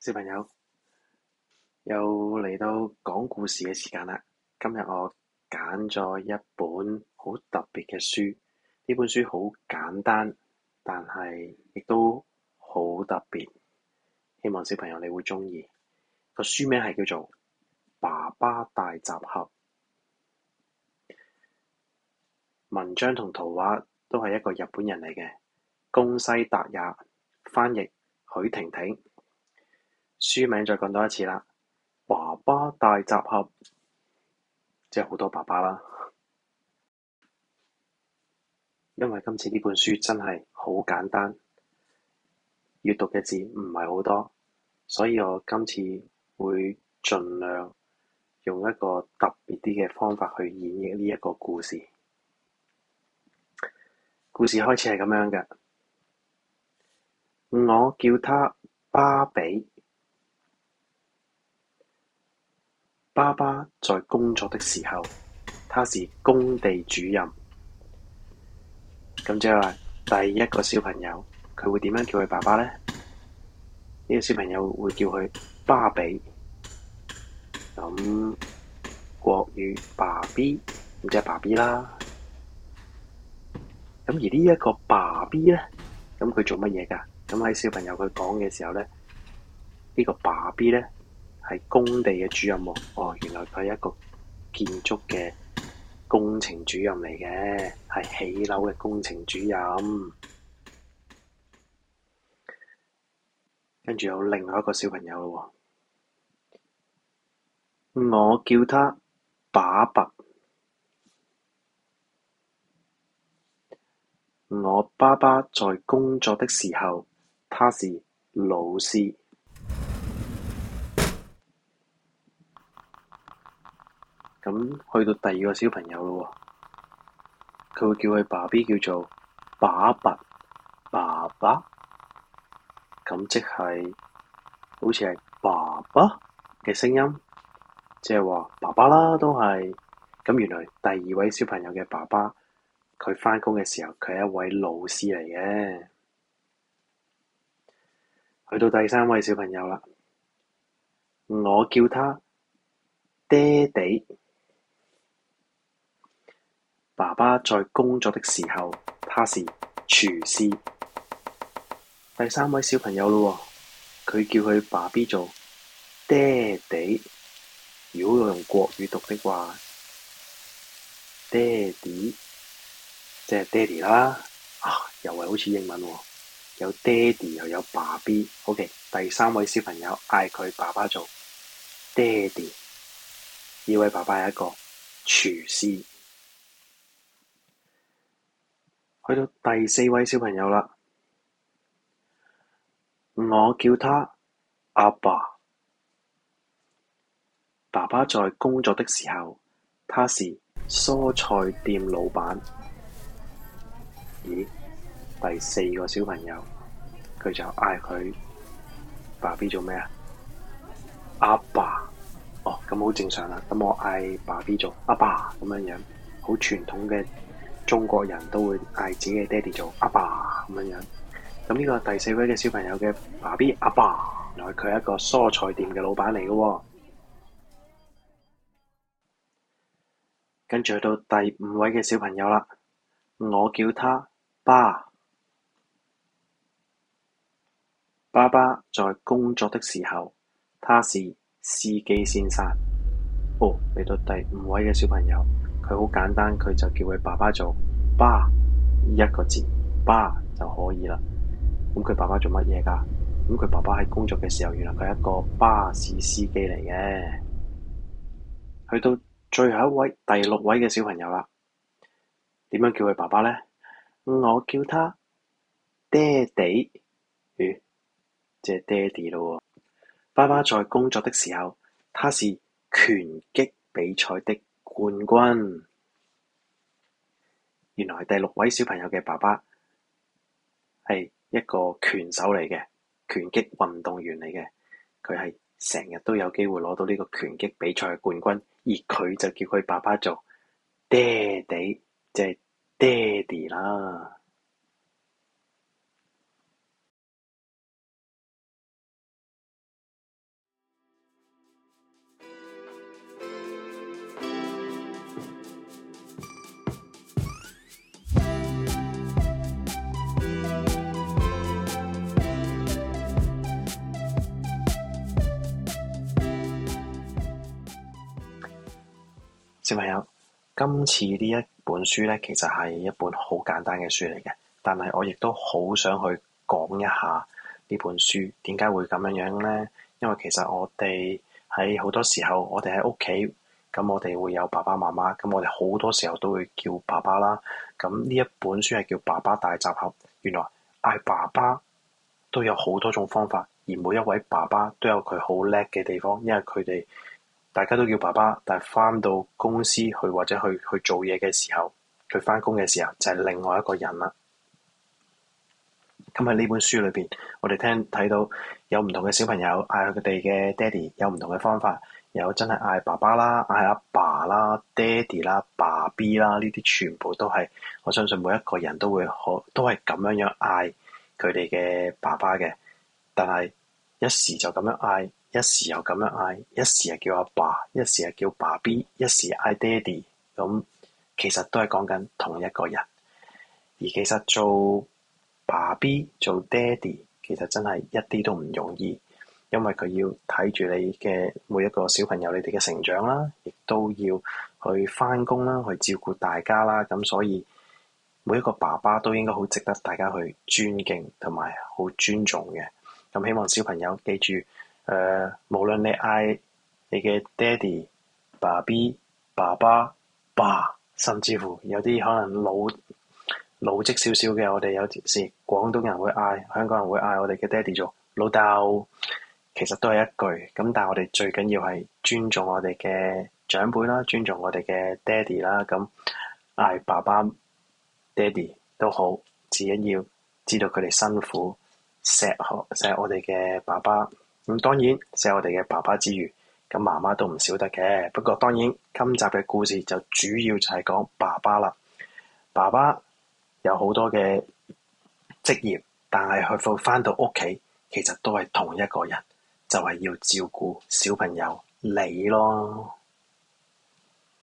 小朋友又嚟到講故事嘅時間啦！今日我揀咗一本好特別嘅書，呢本書好簡單，但係亦都好特別。希望小朋友你會鍾意。個書名係叫做《爸爸大集合》。文章同圖畫都係一個日本人嚟嘅宮西達也，翻譯許婷婷。書名再講多一次啦，《爸爸大集合》，即係好多爸爸啦。因為今次呢本書真係好簡單，要讀嘅字唔係好多，所以我今次會盡量用一個特別啲嘅方法去演繹呢一個故事。故事開始係咁樣嘅，我叫他芭比。爸爸在工作的時候，他是工地主任。咁即係話，第一個小朋友，佢會點樣叫佢爸爸呢？呢、呢個小朋友會叫佢爸 B。咁國語爸 B，咁即係爸 B 啦。咁而呢一個爸 B 呢，咁佢做乜嘢噶？咁喺小朋友佢講嘅時候，呢個，爸 B 呢，呢個爸 B 呢，係工地嘅主任喎。佢係一個建築嘅工程主任嚟嘅，係起樓嘅工程主任。跟住有另外一個小朋友咯喎，我叫他把拔。我爸爸在工作的時候，他是老師。咁去到第二個小朋友咯喎，佢會叫佢爸 B 叫做爸爸爸爸，咁即係好似係爸爸嘅聲音，即係話爸爸啦，都係咁。原來第二位小朋友嘅爸爸，佢返工嘅時候，佢係一位老師嚟嘅。去到第三位小朋友啦，我叫他爹哋。爸爸在工作的時候，他是廚師。第三位小朋友咯，佢叫佢爸 B 做爹地。如果用國語讀的話，爹地，即係爹地啦。啊，又係好似英文喎，有爹地又有爸 B。O.K.，第三位小朋友嗌佢爸爸做爹地。呢位爸爸係一個廚師。去到第四位小朋友啦，我叫他阿爸，爸。爸爸在工作的時候，他是蔬菜店老闆。咦，第四個小朋友，佢就嗌佢爸 B 做咩啊？阿爸，爸，哦，咁好正常啦，啊。咁我嗌爸 B 做阿爸咁樣樣，好傳統嘅。中國人都會嗌自己爹哋做阿爸咁樣樣。咁、這、呢個第四位嘅小朋友嘅爸 B 阿爸，爸，原來佢係一個蔬菜店嘅老闆嚟嘅。跟住去到第五位嘅小朋友啦，我叫他爸爸爸，在工作的時候，他是司機先生。哦，嚟到第五位嘅小朋友。佢好簡單，佢就叫佢爸爸做巴，一個字，巴就可以啦。咁佢爸爸做乜嘢噶？咁佢爸爸喺工作嘅時候，原來佢係一個巴士司機嚟嘅。去到最後一位第六位嘅小朋友啦，點樣叫佢爸爸咧？我叫他爹哋，咦，即係爹哋咯喎。爸爸在工作的時候，他是拳擊比賽的冠軍。原來第六位小朋友嘅爸爸係一個拳手嚟嘅，拳擊運動員嚟嘅。佢係成日都有機會攞到呢個拳擊比賽嘅冠軍，而佢就叫佢爸爸做爹地，即係爹哋啦。小朋友，今次呢一本書呢，其實係一本好簡單嘅書嚟嘅，但係我亦都好想去講一下呢本書點解會咁樣樣呢？因為其實我哋喺好多時候，我哋喺屋企，咁我哋會有爸爸媽媽，咁我哋好多時候都會叫爸爸啦。咁呢一本書係叫《爸爸大集合》，原來嗌爸爸都有好多種方法，而每一位爸爸都有佢好叻嘅地方，因為佢哋，大家都叫爸爸，但係翻到公司去或者去去做嘢嘅時候，佢翻工嘅時候就係、是、另外一個人啦。今日呢本書裏邊，我哋聽睇到有唔同嘅小朋友嗌佢哋嘅爹哋，有唔同嘅方法，有真係嗌爸爸啦，嗌阿爸啦，爹哋啦，爸 B 啦，呢啲全部都係我相信每一個人都會可都係咁樣樣嗌佢哋嘅爸爸嘅，但係一時就咁樣嗌。一時又咁樣嗌，一時又叫阿爸，爸，一時又叫爸 B，一時嗌爹地咁，其實都係講緊同一個人。而其實做爸 B 做爹地，其實真係一啲都唔容易，因為佢要睇住你嘅每一個小朋友，你哋嘅成長啦，亦都要去返工啦，去照顧大家啦。咁所以每一個爸爸都應該好值得大家去尊敬同埋好尊重嘅。咁希望小朋友記住。誒、呃，無論你嗌你嘅爹哋、爸 B、爸爸、爸，甚至乎有啲可能老老積少少嘅，我哋有時廣東人會嗌，香港人會嗌我哋嘅爹哋做老豆，其實都係一句咁，但係我哋最緊要係尊重我哋嘅長輩啦，尊重我哋嘅爹哋啦，咁嗌爸爸、爹哋都好，至緊要知道佢哋辛苦錫，錫錫我哋嘅爸爸。咁當然，寫我哋嘅爸爸之餘，咁媽媽都唔少得嘅。不過當然，今集嘅故事就主要就係講爸爸啦。爸爸有好多嘅職業，但係佢翻到屋企，其實都係同一個人，就係要照顧小朋友你咯。